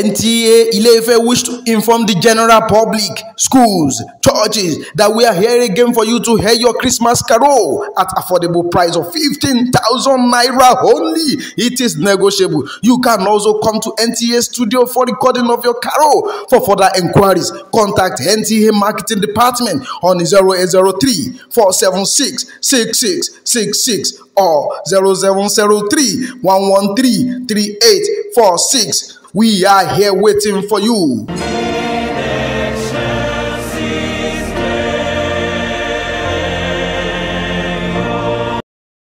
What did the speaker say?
NTA Ilefe wish to inform the general public, schools, churches that we are here again for you to hear your Christmas carol at affordable price of 15,000 naira only. It is negotiable. You can also come to NTA studio for recording of your carol. For further inquiries, contact NTA marketing department on 0803 476 6666 or 0703 113 3846 We are here waiting for you.